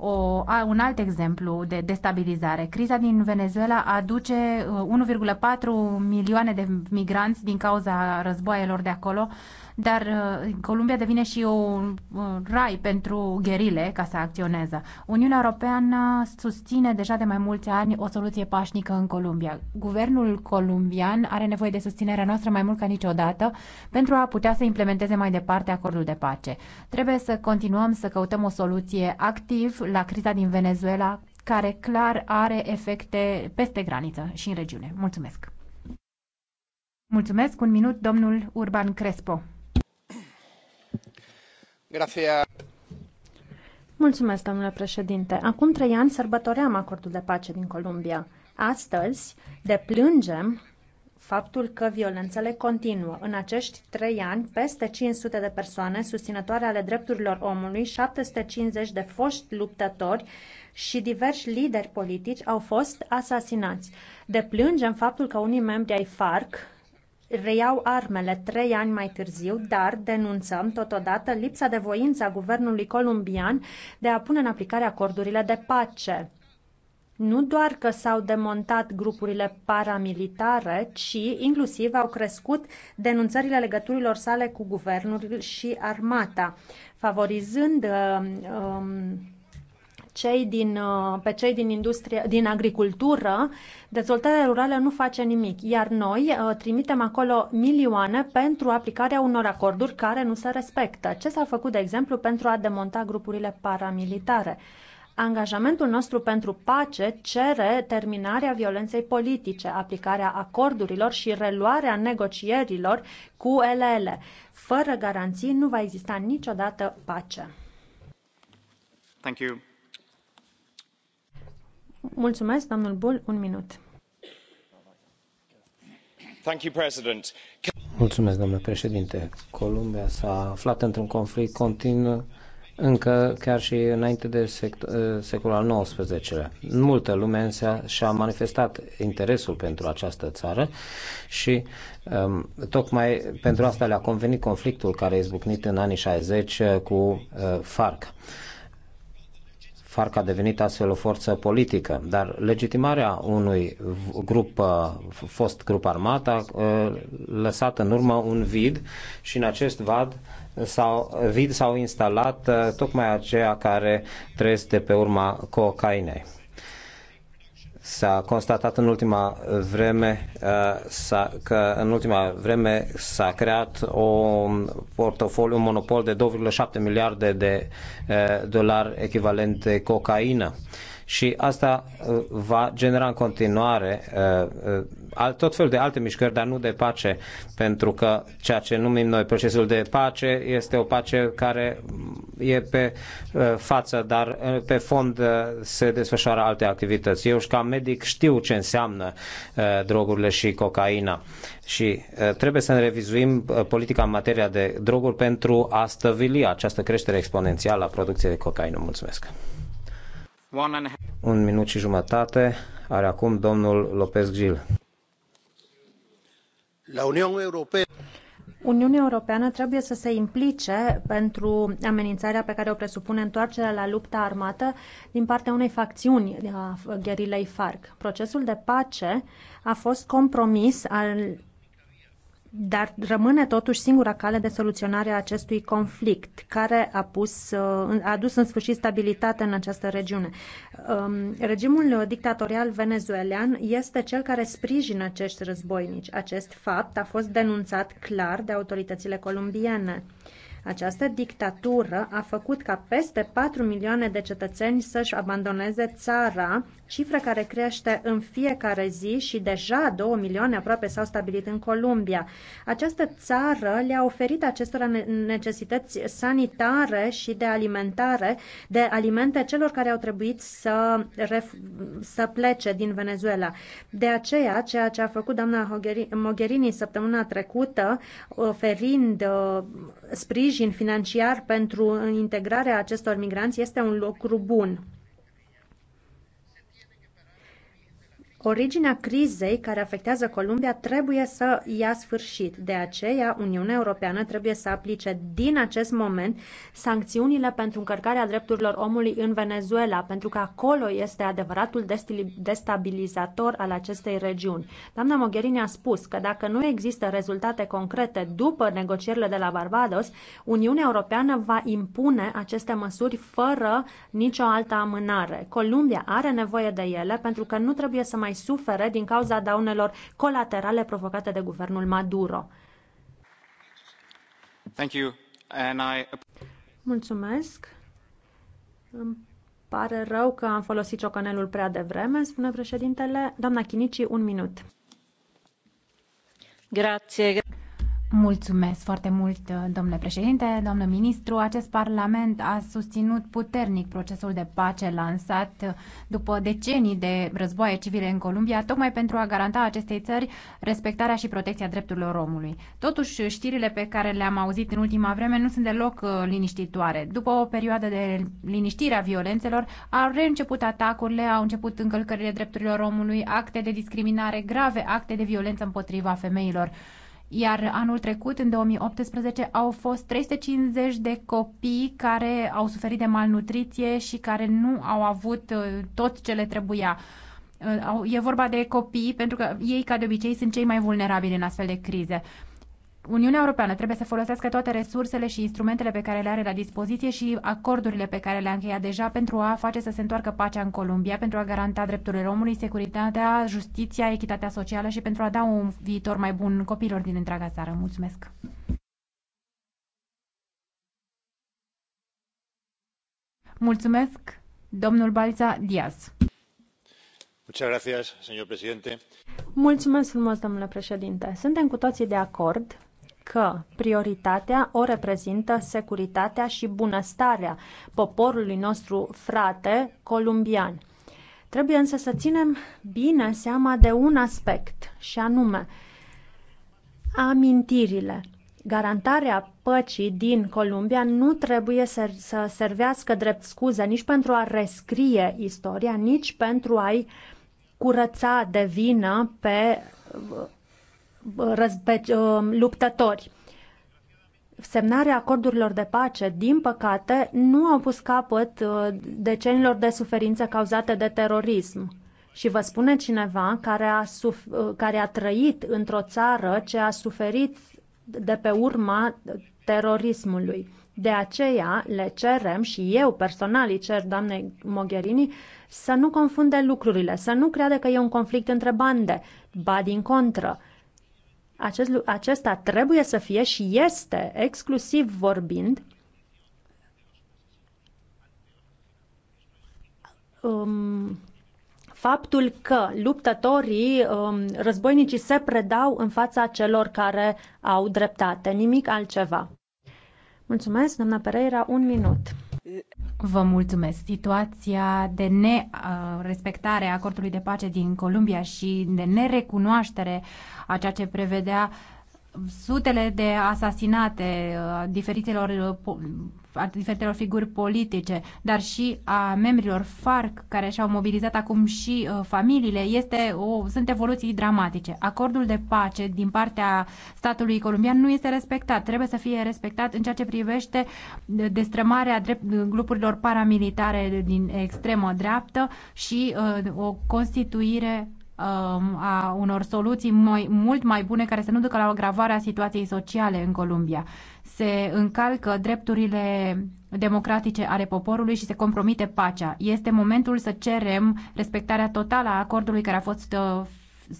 o, un alt exemplu de destabilizare. Criza din Venezuela aduce uh, 1,4 milioane de migranți din cauza războaielor de acolo, dar uh, Columbia devine și un rai pentru gherile ca să acționeze. Uniunea Europeană susține deja de mai mulți ani o soluție pașnică în Columbia. Guvernul columbian are nevoie de susținerea noastră mai mult ca niciodată pentru a putea să implementeze mai departe acordul de pace. Trebuie să continuăm să căutăm o soluție activ la criza din Venezuela, care clar are efecte peste graniță și în regiune. Mulțumesc! Mulțumesc. Un minut, domnul Urban Crespo. Mulțumesc, domnule președinte. Acum trei ani sărbătoream acordul de pace din Columbia. Astăzi deplângem faptul că violențele continuă. În acești trei ani, peste 500 de persoane susținătoare ale drepturilor omului, 750 de foști luptători și diversi lideri politici au fost asasinați. Deplângem faptul că unii membri ai FARC reiau armele trei ani mai târziu, dar denunțăm totodată lipsa de voință a guvernului columbian de a pune în aplicare acordurile de pace. Nu doar că s-au demontat grupurile paramilitare, ci inclusiv au crescut denunțările legăturilor sale cu guvernul și armata, favorizând uh, um, um cei din, uh, pe cei din, industrie, din agricultură, dezvoltarea rurală nu face nimic, iar noi uh, trimitem acolo milioane pentru aplicarea unor acorduri care nu se respectă. Ce s-a făcut, de exemplu, pentru a demonta grupurile paramilitare? Angajamentul nostru pentru pace cere terminarea violenței politice, aplicarea acordurilor și reluarea negocierilor cu LL. Fără garanții nu va exista niciodată pace. Thank you. Mulțumesc, domnul Bol, un minut. Mulțumesc, domnule președinte. Columbia s-a aflat într-un conflict continuu încă chiar și înainte de sec- ă, secolul al XIX-lea. Multă lume și-a manifestat interesul pentru această țară și um, tocmai pentru asta le-a convenit conflictul care a izbucnit în anii 60 uh, cu uh, FARC. Uh, FARC a devenit astfel o forță politică, dar legitimarea unui grup, uh, fost grup armat, a uh, lăsat în urmă un vid și în acest vad sau vid s-au instalat uh, tocmai aceia care trăiesc de pe urma cocainei. S-a constatat în ultima vreme uh, că în ultima vreme s-a creat un portofoliu, un monopol de 2,7 miliarde de uh, dolari echivalente cocaină și asta uh, va genera în continuare uh, uh, tot felul de alte mișcări, dar nu de pace, pentru că ceea ce numim noi procesul de pace este o pace care e pe față, dar pe fond se desfășoară alte activități. Eu și ca medic știu ce înseamnă drogurile și cocaina și trebuie să ne revizuim politica în materia de droguri pentru a stăvili această creștere exponențială a producției de cocaină. Mulțumesc! Un minut și jumătate are acum domnul López Gil. La Uniunea Europeană. Uniunea Europeană trebuie să se implice pentru amenințarea pe care o presupune întoarcerea la lupta armată din partea unei facțiuni a uh, gherilei FARC. Procesul de pace a fost compromis al dar rămâne totuși singura cale de soluționare a acestui conflict, care a, pus, uh, a adus în sfârșit stabilitate în această regiune. Um, regimul dictatorial venezuelian este cel care sprijină acești războinici. Acest fapt a fost denunțat clar de autoritățile colombiene. Această dictatură a făcut ca peste 4 milioane de cetățeni să-și abandoneze țara, cifră care crește în fiecare zi și deja 2 milioane aproape s-au stabilit în Columbia. Această țară le-a oferit acestora necesități sanitare și de alimentare, de alimente celor care au trebuit să, să plece din Venezuela. De aceea, ceea ce a făcut doamna Mogherini săptămâna trecută, oferind uh, sprijin sprijin financiar pentru integrarea acestor migranți este un lucru bun. Originea crizei care afectează Columbia trebuie să ia sfârșit. De aceea, Uniunea Europeană trebuie să aplice din acest moment sancțiunile pentru încărcarea drepturilor omului în Venezuela, pentru că acolo este adevăratul destabilizator al acestei regiuni. Doamna Mogherini a spus că dacă nu există rezultate concrete după negocierile de la Barbados, Uniunea Europeană va impune aceste măsuri fără nicio altă amânare. Columbia are nevoie de ele pentru că nu trebuie să mai mai sufere din cauza daunelor colaterale provocate de guvernul Maduro. Thank you. And I... Mulțumesc. Îmi pare rău că am folosit ciocanelul prea devreme, spune președintele. Doamna Chinici, un minut. Grazie. Mulțumesc foarte mult, domnule președinte, domnule ministru. Acest parlament a susținut puternic procesul de pace lansat după decenii de războaie civile în Columbia, tocmai pentru a garanta acestei țări respectarea și protecția drepturilor omului. Totuși, știrile pe care le-am auzit în ultima vreme nu sunt deloc uh, liniștitoare. După o perioadă de liniștire a violențelor, au reînceput atacurile, au început încălcările drepturilor omului, acte de discriminare grave, acte de violență împotriva femeilor iar anul trecut, în 2018, au fost 350 de copii care au suferit de malnutriție și care nu au avut uh, tot ce le trebuia. Uh, e vorba de copii, pentru că ei, ca de obicei, sunt cei mai vulnerabili în astfel de crize. Uniunea Europeană trebuie să folosească toate resursele și instrumentele pe care le are la dispoziție și acordurile pe care le-a încheiat deja pentru a face să se întoarcă pacea în Columbia, pentru a garanta drepturile omului, securitatea, justiția, echitatea socială și pentru a da un viitor mai bun copilor din întreaga țară. Mulțumesc! Mulțumesc, domnul Balza Diaz. Mulțumesc frumos, domnule președinte. Suntem cu toții de acord că prioritatea o reprezintă securitatea și bunăstarea poporului nostru frate columbian. Trebuie însă să ținem bine seama de un aspect, și anume amintirile. Garantarea păcii din Columbia nu trebuie să, să servească drept scuză nici pentru a rescrie istoria, nici pentru a-i curăța de vină pe răzbe- uh, luptători. Semnarea acordurilor de pace, din păcate, nu au pus capăt uh, decenilor de suferință cauzate de terorism. Și vă spune cineva care a, suf- uh, care a trăit într-o țară ce a suferit de pe urma terorismului. De aceea le cerem și eu personal îi cer doamnei Mogherini să nu confunde lucrurile, să nu creadă că e un conflict între bande, ba din contră. Acest, acesta trebuie să fie și este, exclusiv vorbind, um, faptul că luptătorii, um, războinicii se predau în fața celor care au dreptate, nimic altceva. Mulțumesc, doamna Pereira, un minut. Vă mulțumesc. Situația de nerespectare uh, a acordului de pace din Columbia și de nerecunoaștere a ceea ce prevedea sutele de asasinate uh, diferitelor a diferitelor figuri politice, dar și a membrilor FARC care și-au mobilizat acum și uh, familiile, este o, sunt evoluții dramatice. Acordul de pace din partea statului columbian nu este respectat. Trebuie să fie respectat în ceea ce privește uh, destrămarea drept, uh, grupurilor paramilitare din extremă dreaptă și uh, o constituire um, a unor soluții mai, mult mai bune care să nu ducă la o agravare a situației sociale în Columbia se încalcă drepturile democratice ale poporului și se compromite pacea. Este momentul să cerem respectarea totală a acordului care a fost uh,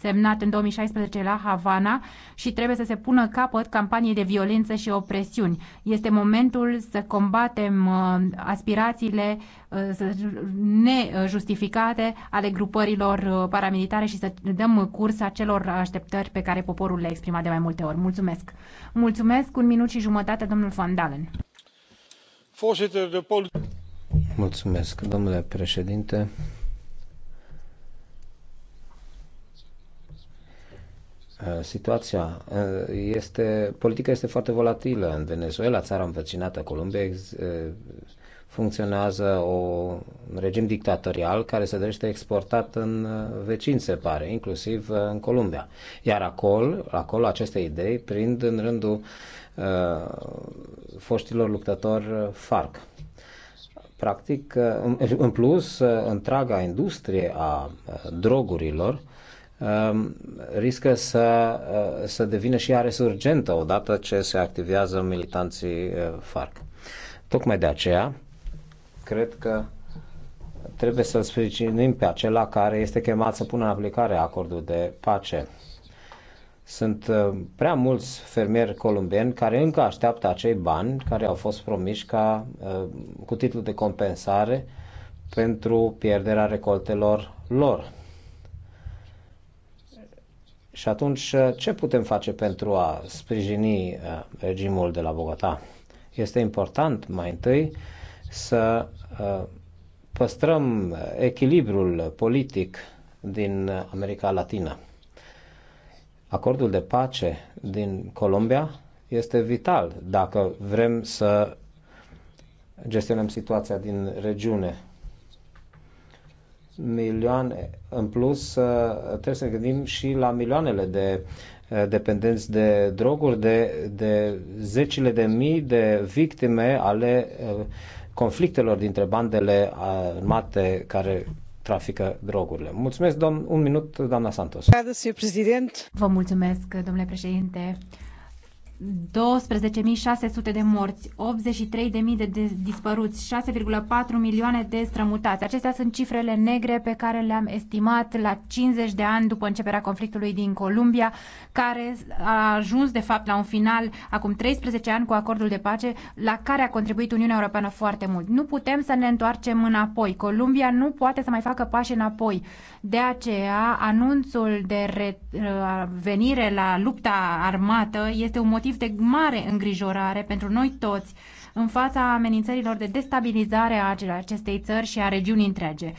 semnat în 2016 la Havana și trebuie să se pună capăt campaniei de violență și opresiuni. Este momentul să combatem uh, aspirațiile uh, nejustificate ale grupărilor uh, paramilitare și să dăm curs acelor așteptări pe care poporul le-a exprimat de mai multe ori. Mulțumesc! Mulțumesc! Un minut și jumătate, domnul Van Dalen. Mulțumesc, domnule președinte. Eh, situația eh, este, politica este foarte volatilă în Venezuela, țara învecinată Columbia, eh, funcționează o, un regim dictatorial care se dorește exportat în vecin se pare, inclusiv în Columbia. Iar acolo, acolo aceste idei prind în rândul uh, foștilor luptători FARC. Practic, în plus, întreaga industrie a drogurilor Um, riscă să, uh, să devină și ea resurgentă odată ce se activează militanții uh, FARC. Tocmai de aceea, cred că trebuie să-l sprijinim pe acela care este chemat să pună în aplicare acordul de pace. Sunt uh, prea mulți fermieri colombieni care încă așteaptă acei bani care au fost promiși ca, cu titlul de compensare pentru pierderea recoltelor lor și atunci, uh, ce putem face pentru a sprijini uh, regimul de la Bogota? Este important, mai întâi, să uh, păstrăm echilibrul politic din America Latină. Acordul de pace din Colombia este vital dacă vrem să gestionăm situația din regiune milioane în plus, uh, trebuie să ne gândim și la milioanele de uh, dependenți de droguri, de, de zecile de mii de victime ale uh, conflictelor dintre bandele armate care trafică drogurile. Mulțumesc, domn, un minut, doamna Santos. Vă mulțumesc, domnule președinte. 12.600 de morți, 83.000 de dispăruți, 6,4 milioane de strămutați. Acestea sunt cifrele negre pe care le-am estimat la 50 de ani după începerea conflictului din Columbia, care a ajuns de fapt la un final acum 13 ani cu acordul de pace, la care a contribuit Uniunea Europeană foarte mult. Nu putem să ne întoarcem înapoi. Columbia nu poate să mai facă pași înapoi. De aceea, anunțul de uh, venire la lupta armată este un motiv motiv de mare îngrijorare pentru noi toți în fața amenințărilor de destabilizare a acestei țări și a regiunii întregi.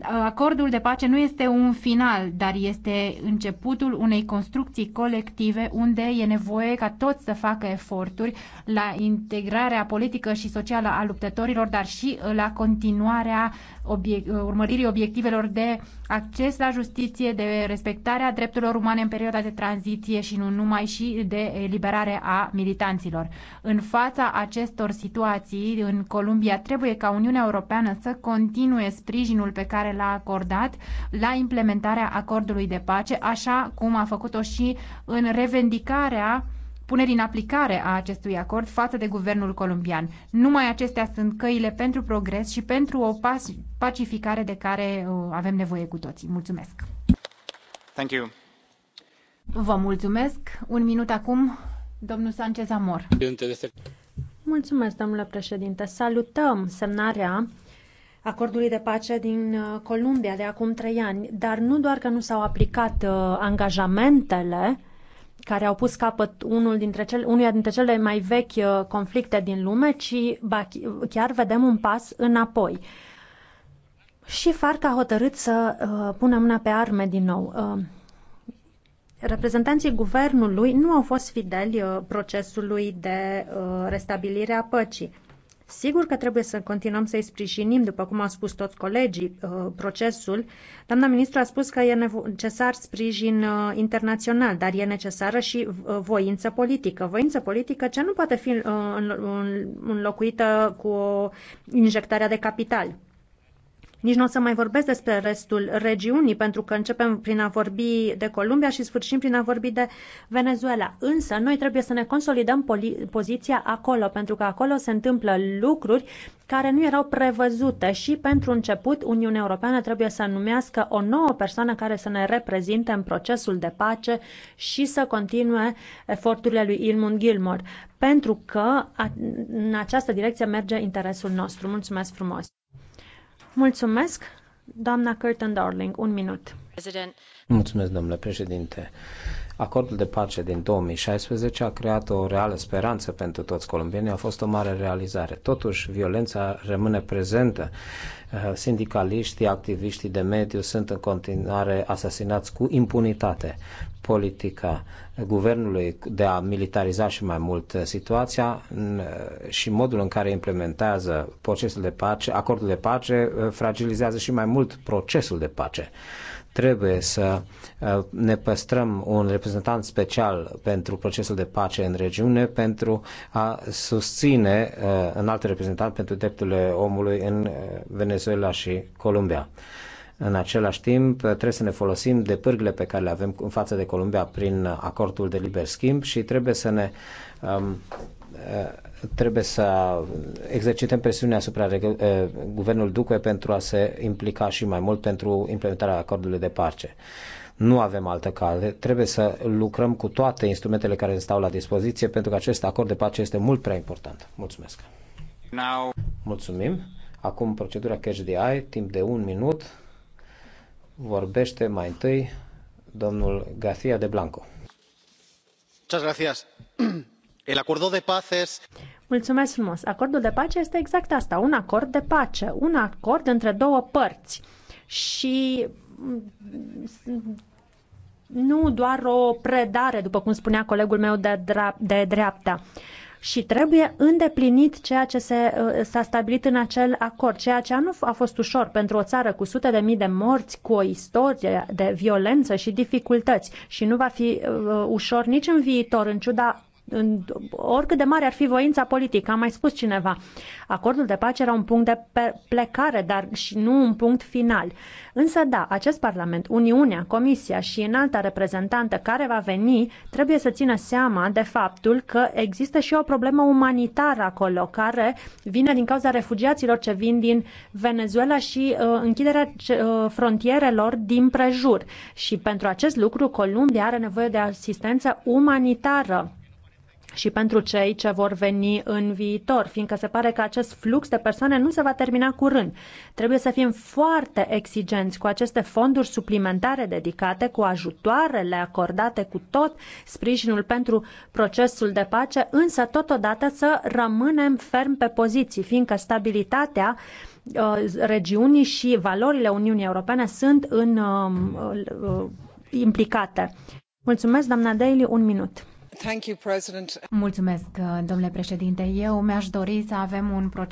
Acordul de pace nu este un final, dar este începutul unei construcții colective unde e nevoie ca toți să facă eforturi la integrarea politică și socială a luptătorilor, dar și la continuarea obiect- urmăririi obiectivelor de acces la justiție, de respectarea drepturilor umane în perioada de tranziție și nu numai, și de eliberare a militanților. În fața acestor situații, în Columbia, trebuie ca Uniunea Europeană să continue sprijinul pe care care l-a acordat la implementarea acordului de pace, așa cum a făcut-o și în revendicarea punerii în aplicare a acestui acord față de guvernul colombian. Numai acestea sunt căile pentru progres și pentru o pacificare de care uh, avem nevoie cu toții. Mulțumesc! Thank you. Vă mulțumesc. Un minut acum, domnul Sanchez Amor. Mulțumesc, domnule președinte. Salutăm semnarea acordului de pace din uh, Columbia de acum trei ani, dar nu doar că nu s-au aplicat uh, angajamentele care au pus capăt unul dintre cele, unuia dintre cele mai vechi uh, conflicte din lume, ci ba, chiar vedem un pas înapoi. Și FARC a hotărât să uh, pună mâna pe arme din nou. Uh, reprezentanții guvernului nu au fost fideli uh, procesului de uh, restabilire a păcii. Sigur că trebuie să continuăm să-i sprijinim, după cum au spus toți colegii, uh, procesul. Doamna ministru a spus că e necesar sprijin uh, internațional, dar e necesară și uh, voință politică. Voință politică ce nu poate fi înlocuită cu injectarea de capital. Nici nu o să mai vorbesc despre restul regiunii, pentru că începem prin a vorbi de Columbia și sfârșim prin a vorbi de Venezuela. Însă, noi trebuie să ne consolidăm poziția acolo, pentru că acolo se întâmplă lucruri care nu erau prevăzute și, pentru început, Uniunea Europeană trebuie să numească o nouă persoană care să ne reprezinte în procesul de pace și să continue eforturile lui Ilmund Gilmore, pentru că în această direcție merge interesul nostru. Mulțumesc frumos! Mulțumesc, doamna Curtin Darling. Un minut. Mulțumesc, domnule președinte. Acordul de pace din 2016 a creat o reală speranță pentru toți colombienii, a fost o mare realizare. Totuși, violența rămâne prezentă. Uh, sindicaliștii, activiștii de mediu sunt în continuare asasinați cu impunitate. Politica guvernului de a militariza și mai mult situația uh, și modul în care implementează procesul de pace, acordul de pace, uh, fragilizează și mai mult procesul de pace. Trebuie să uh, ne păstrăm un reprezentant special pentru procesul de pace în regiune, pentru a susține uh, un alt reprezentant pentru drepturile omului în uh, Venezuela și Columbia. În același timp, trebuie să ne folosim de pârgile pe care le avem în față de Columbia prin acordul de liber schimb și trebuie să ne um, trebuie să exercităm presiunea asupra eh, guvernului Duque pentru a se implica și mai mult pentru implementarea acordului de pace. Nu avem altă cale. Trebuie să lucrăm cu toate instrumentele care stau la dispoziție pentru că acest acord de pace este mult prea important. Mulțumesc. Now. Mulțumim. Acum procedura Cash Eye, timp de un minut, vorbește mai întâi domnul García de Blanco. Muchas gracias. El acuerdo de paz es... Mulțumesc frumos. Acordul de pace este exact asta, un acord de pace, un acord între două părți. Și mm, nu doar o predare, după cum spunea colegul meu de, dra- de dreapta. Și trebuie îndeplinit ceea ce se, uh, s-a stabilit în acel acord, ceea ce nu a fost ușor pentru o țară cu sute de mii de morți, cu o istorie de violență și dificultăți. Și nu va fi uh, ușor nici în viitor, în ciuda în, oricât de mare ar fi voința politică, a mai spus cineva. Acordul de pace era un punct de plecare, dar și nu un punct final. Însă, da, acest Parlament, Uniunea, Comisia și înalta reprezentantă care va veni, trebuie să țină seama de faptul că există și o problemă umanitară acolo, care vine din cauza refugiaților ce vin din Venezuela și uh, închiderea uh, frontierelor din prejur. Și pentru acest lucru, Columbia are nevoie de asistență umanitară și pentru cei ce vor veni în viitor, fiindcă se pare că acest flux de persoane nu se va termina curând. Trebuie să fim foarte exigenți cu aceste fonduri suplimentare dedicate, cu ajutoarele acordate cu tot sprijinul pentru procesul de pace, însă totodată să rămânem ferm pe poziții, fiindcă stabilitatea uh, regiunii și valorile Uniunii Europene sunt în, um, uh, implicate. Mulțumesc, doamna Daly, un minut. Mulțumesc, domnule președinte. Eu mi-aș dori să avem un proces